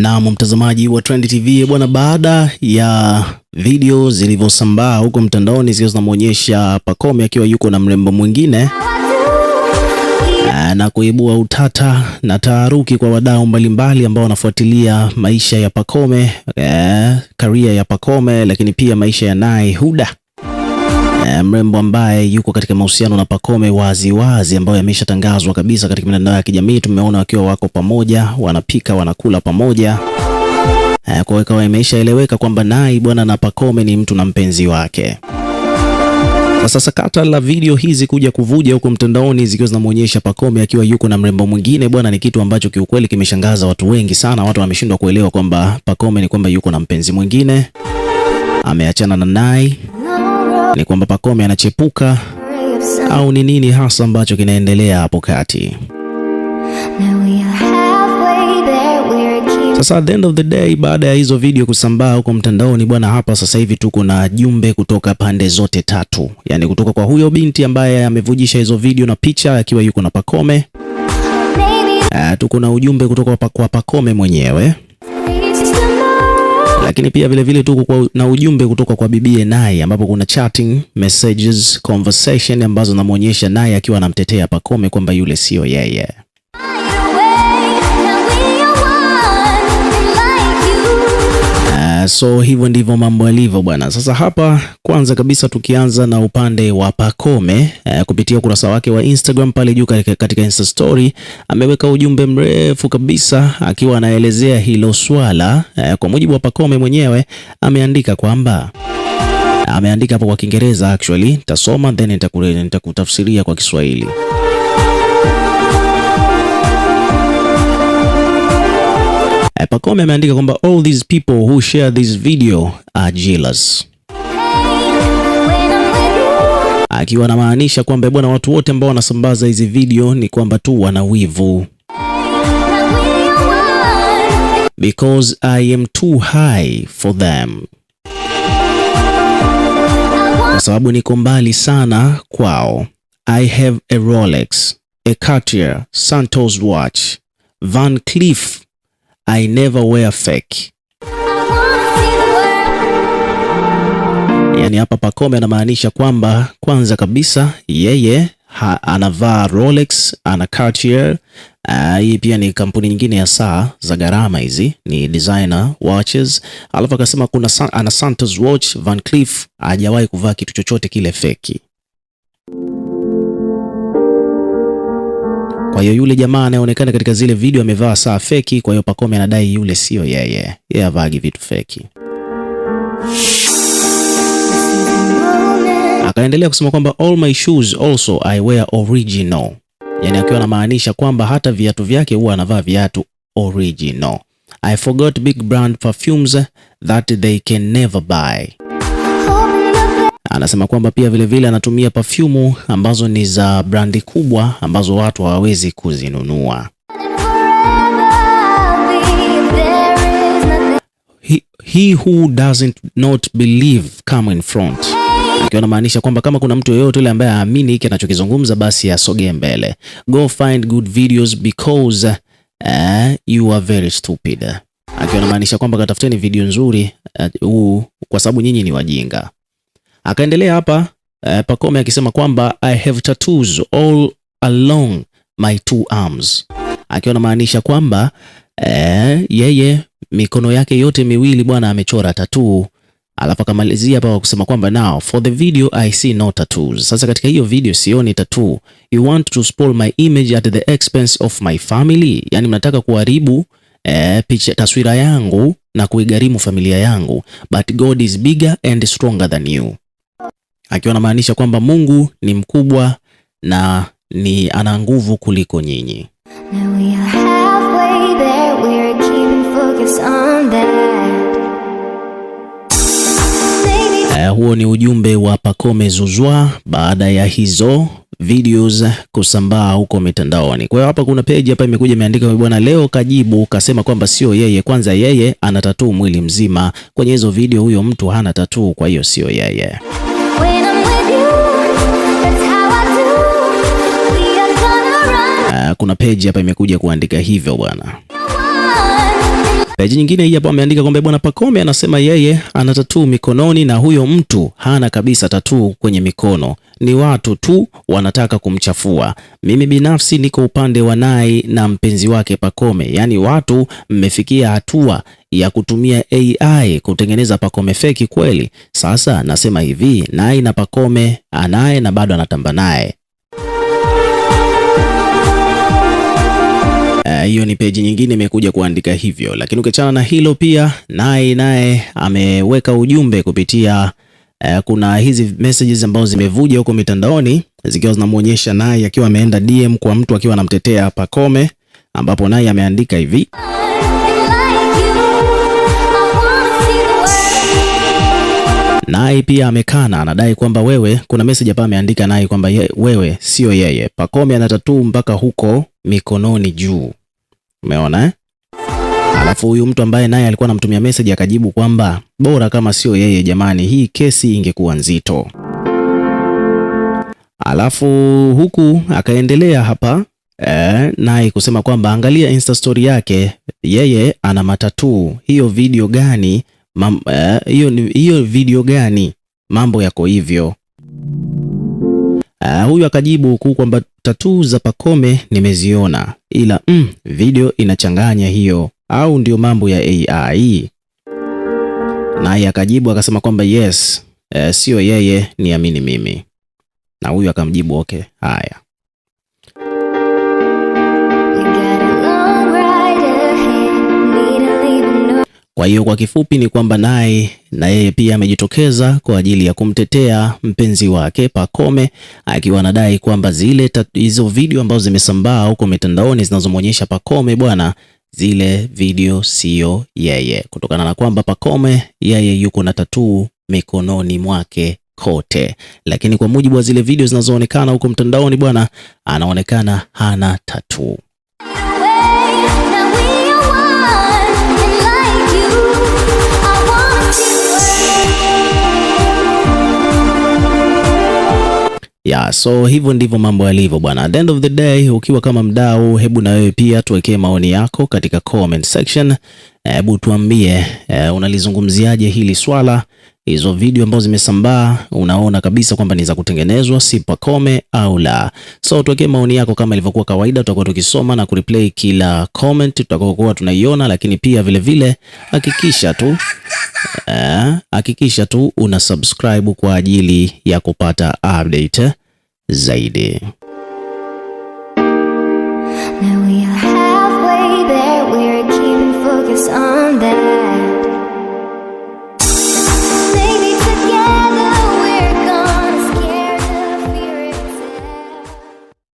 Naam, mtazamaji wa Trend TV bwana, baada ya video zilivyosambaa huko mtandaoni zikiwa zinamwonyesha Pacome akiwa yuko na mrembo mwingine eh, na kuibua utata na taharuki kwa wadau mbalimbali ambao wanafuatilia maisha ya Pacome, eh, karia ya Pacome, lakini pia maisha ya Nay Huda mrembo ambaye yuko katika mahusiano na Pacome wazi wazi, ambayo yameshatangazwa kabisa katika mitandao ya kijamii. Tumeona wakiwa wako pamoja, wanapika wanakula pamoja kwa hiyo ikawa imeshaeleweka kwamba Nai bwana na Pacome ni mtu na mpenzi wake. Sasa sakata la video hizi kuja kuvuja huko mtandaoni zikiwa zinamuonyesha Pacome akiwa yuko na mrembo mwingine bwana, ni kitu ambacho kiukweli kimeshangaza watu wengi sana. Watu wameshindwa kuelewa kwamba Pacome ni kwamba yuko na mpenzi mwingine, ameachana na Nai ni kwamba Pacome anachepuka au ni nini hasa ambacho kinaendelea hapo kati? Sasa at the end of the day, baada ya hizo video kusambaa huko mtandaoni bwana, hapa sasa hivi tuko na jumbe kutoka pande zote tatu, yaani kutoka kwa huyo binti ambaye amevujisha hizo video na picha akiwa yuko na Pacome. Uh, tuko na ujumbe kutoka kwa Pacome mwenyewe lakini pia vilevile tuko na ujumbe kutoka kwa bibie naye, ambapo kuna chatting messages, conversation ambazo namwonyesha naye akiwa anamtetea Pacome kwamba yule sio yeye. so hivyo ndivyo mambo yalivyo bwana. Sasa hapa kwanza kabisa tukianza na upande wa Pacome eh, kupitia ukurasa wake wa Instagram pale juu katika Insta story ameweka ujumbe mrefu kabisa akiwa anaelezea hilo swala eh, kwa mujibu wa Pacome mwenyewe ameandika kwamba ameandika hapo kwa Kiingereza actually, tasoma then nitakutafsiria kwa Kiswahili. Eh, Pakome ameandika kwamba all these people who share this video are jealous, akiwa anamaanisha kwamba bwana, watu wote ambao wanasambaza hizi video ni kwamba tu wana wivu because I am too high for them, kwa sababu niko mbali sana kwao. I have a Rolex, a Cartier, Santos watch, Van Cleef I never wear fake. Yaani hapa Pacome anamaanisha kwamba kwanza kabisa yeye ha, anavaa Rolex, ana Cartier. Ah, hii pia ni kampuni nyingine ya saa za gharama, hizi ni designer watches. Alafu akasema kuna ana Santos watch, Van Cleef, hajawahi kuvaa kitu chochote kile feki. Kwa hiyo yule jamaa anayeonekana katika zile video amevaa saa feki, kwa hiyo Pacome anadai yule sio yeye, yeye avagi vitu feki. Akaendelea kusema kwamba all my shoes also I wear original, yani akiwa anamaanisha kwamba hata viatu vyake huwa anavaa viatu original. I forgot big brand perfumes that they can never buy Anasema kwamba pia vilevile vile anatumia pafyumu ambazo ni za brandi kubwa ambazo watu hawawezi kuzinunua. He, he who doesn't not believe come in front akiwa namaanisha kwamba kama kuna mtu yeyote yule ambaye haamini hiki anachokizungumza basi asogee mbele. Go find good videos because uh, you are very stupid. Akiwa namaanisha kwamba katafuteni video nzuri uh, uh, kwa sababu nyinyi ni wajinga. Akaendelea hapa uh, Pacome akisema kwamba I have tattoos all along my two arms, akiwa anamaanisha kwamba uh, yeye mikono yake yote miwili bwana amechora tattoo. alafu akamalizia hapa kwa kusema kwamba now for the video I see no tattoos. Sasa katika hiyo video sioni tattoo. You want to spoil my image at the expense of my family, yani mnataka kuharibu eh, picha taswira yangu na kuigharimu familia yangu, but God is bigger and stronger than you akiwa anamaanisha kwamba Mungu ni mkubwa na ni ana nguvu kuliko nyinyi. huo ni ujumbe wa Pacome Zuzwa baada ya hizo videos kusambaa huko mitandaoni. Kwa hiyo hapa kuna page hapa imekuja imeandika bwana leo kajibu kasema kwamba sio yeye, kwanza yeye ana tatuu mwili mzima. Kwenye hizo video huyo mtu hana tatuu, kwa hiyo sio yeye. Ah, kuna peji hapa imekuja kuandika hivyo bwana. Peji nyingine hii hapo ameandika kwamba bwana Pacome anasema yeye ana tatuu mikononi na huyo mtu hana kabisa tatuu kwenye mikono, ni watu tu wanataka kumchafua. Mimi binafsi niko upande wa Nai na mpenzi wake Pacome, yaani watu mmefikia hatua ya kutumia AI kutengeneza Pacome feki kweli. Sasa nasema hivi, Nai na Pacome anaye na bado anatamba naye Eh, hiyo uh, ni peji nyingine imekuja kuandika hivyo, lakini ukiachana na hilo pia naye naye ameweka ujumbe kupitia uh, kuna hizi messages ambazo zimevuja huko mitandaoni zikiwa zinamuonyesha naye akiwa ameenda DM kwa mtu akiwa anamtetea Pakome, ambapo naye ameandika hivi naye pia amekana, anadai kwamba wewe, kuna message hapa ameandika naye kwamba wewe sio yeye. Pakome ana tatuu mpaka huko mikononi juu. Umeona eh? Alafu huyu mtu ambaye naye alikuwa anamtumia message akajibu kwamba bora kama sio yeye jamani, hii kesi ingekuwa nzito. Alafu huku akaendelea hapa eh, naye kusema kwamba angalia insta story yake, yeye ana matatuu. Hiyo video gani? Eh, hiyo eh, ni hiyo video gani? Mambo yako hivyo huyu akajibu huku kwamba tatuu za Pacome nimeziona, ila mm, video inachanganya hiyo, au ndio mambo ya AI? Naye akajibu akasema kwamba yes, e, eh, siyo yeye, niamini mimi. Na huyu akamjibu okay, haya. Kwa hiyo kwa kifupi ni kwamba naye na yeye pia amejitokeza kwa ajili ya kumtetea mpenzi wake Pacome akiwa anadai kwamba zile hizo video ambazo zimesambaa huko mitandaoni zinazomwonyesha Pacome bwana, zile video siyo yeye, kutokana na kwamba Pacome yeye yuko na tatuu mikononi mwake kote, lakini kwa mujibu wa zile video zinazoonekana huko mtandaoni bwana, anaonekana hana tatuu. Yeah, so hivyo ndivyo mambo yalivyo bwana. At the end of the day, ukiwa kama mdau, hebu na wewe pia tuwekee maoni yako katika comment section. Hebu tuambie, e, unalizungumziaje hili swala hizo video ambazo zimesambaa unaona kabisa kwamba ni za kutengenezwa, si pakome au la. So tuweke maoni yako kama ilivyokuwa kawaida, tutakuwa tukisoma na kureplay kila comment tutakokuwa tunaiona, lakini pia vilevile hakikisha vile, tu eh, hakikisha eh, tu una subscribe kwa ajili ya kupata update zaidi. Now we are halfway there, we're keeping focus on that.